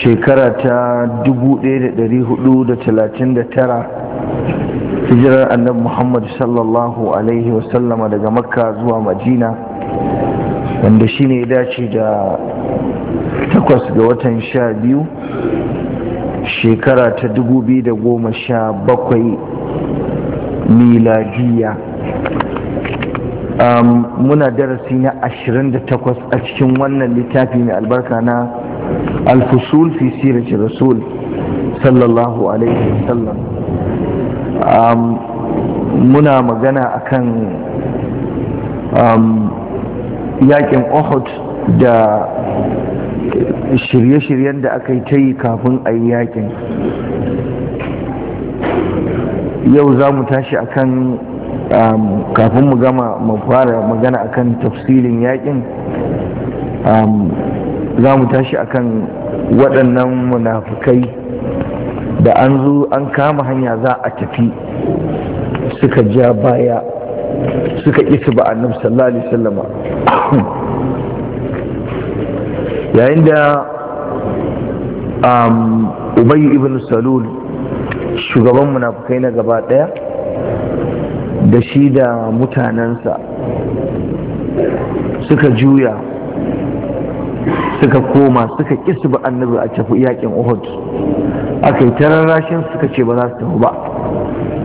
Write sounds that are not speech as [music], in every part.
shekara ta 1439 hijirar annabi muhammad sallallahu alaihi wasallama daga makka zuwa madina wanda shi ne dace da takwas ga watan sha biyu shekara ta dubu biyu da miladiya muna darasi na ashirin a cikin wannan littafi mai albarka na الفصول في سيرة الرسول صلى الله عليه وسلم منا مغانا أكن yakin da shirye-shiryen da aka yi ta kafin a yi yau za mu tashi akan kafin mu gama mu fara magana akan tafsirin yaƙin? za mu tashi a kan waɗannan munafukai da an zo an kama hanya za a tafi suka ja baya suka isa ba annabi sallallahu alaihi wasallam [coughs] yayin da um, ubayi ibn salul shugaban munafukai na gaba ɗaya da shi da mutanensa suka juya suka koma suka ƙi su ba annabi a cafi yakin uhud aka yi tararrashin suka ce ba za su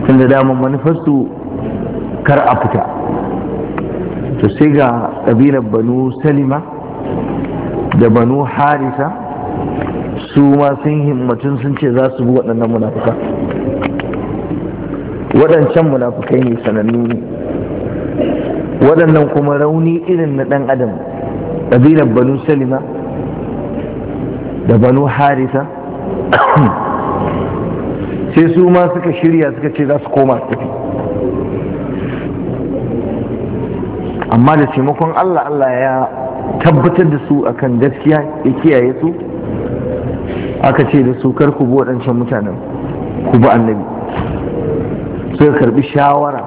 tafi ba da daman manufarsu kar a fita to sai ga ƙabilar banu salima da banu harisa su ma sun himmatun sun ce za su bi waɗannan munafuka waɗancan munafukai ne sanannu ne waɗannan kuma rauni irin na ɗan adam ƙabilar banu salima da banu harisa sai su ma suka shirya suka ce za su koma tafi amma da taimakon allah allah ya tabbatar da su akan gaskiya ya kiyaye su aka ce da su kar ku bi waɗancan mutanen ku bi annabi suka karbi shawara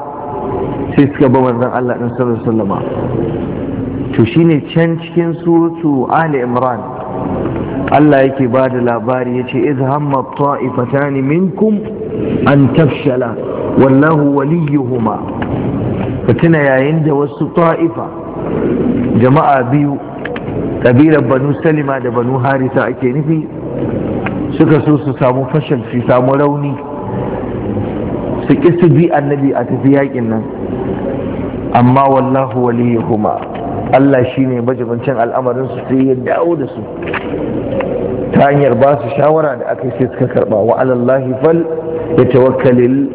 sai suka ba manzan allah ɗin sallallahu alaihi to shine can cikin suratu ali imran Allah yake ba da labari ya ce iz hamma ta'ifatani minkum an tafshala wallahu waliyuhuma ka tuna yayin da wasu ta'ifa jama'a biyu kabilar banu salima da banu harisa ake nufi suka so su samu fashal su samu rauni su ƙi su bi annabi a tafi yakin nan amma wallahu waliyuhuma Allah shi ne al'amarin su sai ya dawo da su ta hanyar ba su shawara da aka sai suka karba wa alallahi fal ya tawakkalil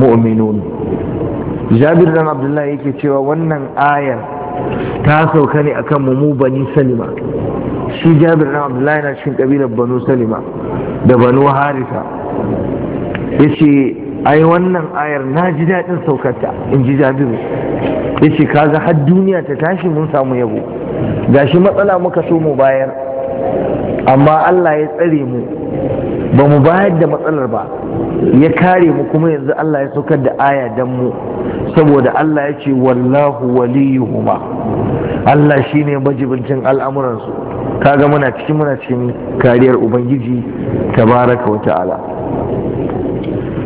mu'minun jabir dan abdullahi yake cewa wannan ayar ta sauka ne akan mu bani salima shi jabir dan abdullahi na cikin kabilar banu salima da banu harisa ce ai wannan ayar na ji daɗin saukarta in ji jabiru ya ce kaga har duniya ta tashi mun samu yabo gashi matsala muka so mu bayar amma Allah ya tsare mu ba mu bayar da matsalar ba ya kare mu kuma yanzu Allah ya saukar da aya dan mu saboda Allah ya ce wallahu waliyuhuma Allah shi shine majibincin al'amuransu kaga muna cikin muna cikin kariyar ubangiji tabaraka wata ta'ala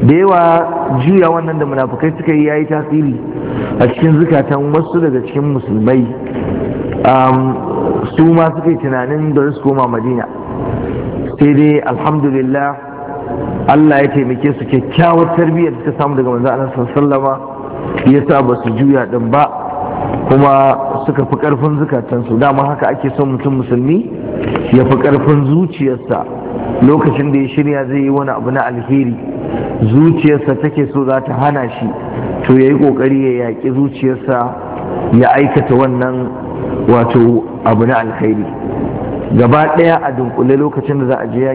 da yawa juya wannan da munafukai suka yi yi tasiri a cikin zukatan wasu daga cikin musulmai su ma suka yi tunanin da su koma madina sai dai alhamdulillah Allah ya taimake su kyakkyawar tarbiyyar da suka samu daga manzo Allah sallama sa ba su juya din ba kuma suka fi karfin zukatansu dama haka ake son mutum musulmi ya fi karfin zuciyarsa lokacin da ya shirya zai yi wani abu na alheri zuciyarsa take so za ta hana shi to ya yi ƙoƙari ya yaƙi zuciyarsa ya aikata wannan wato abu na alkhairi gaba ɗaya a dunkule lokacin da za a je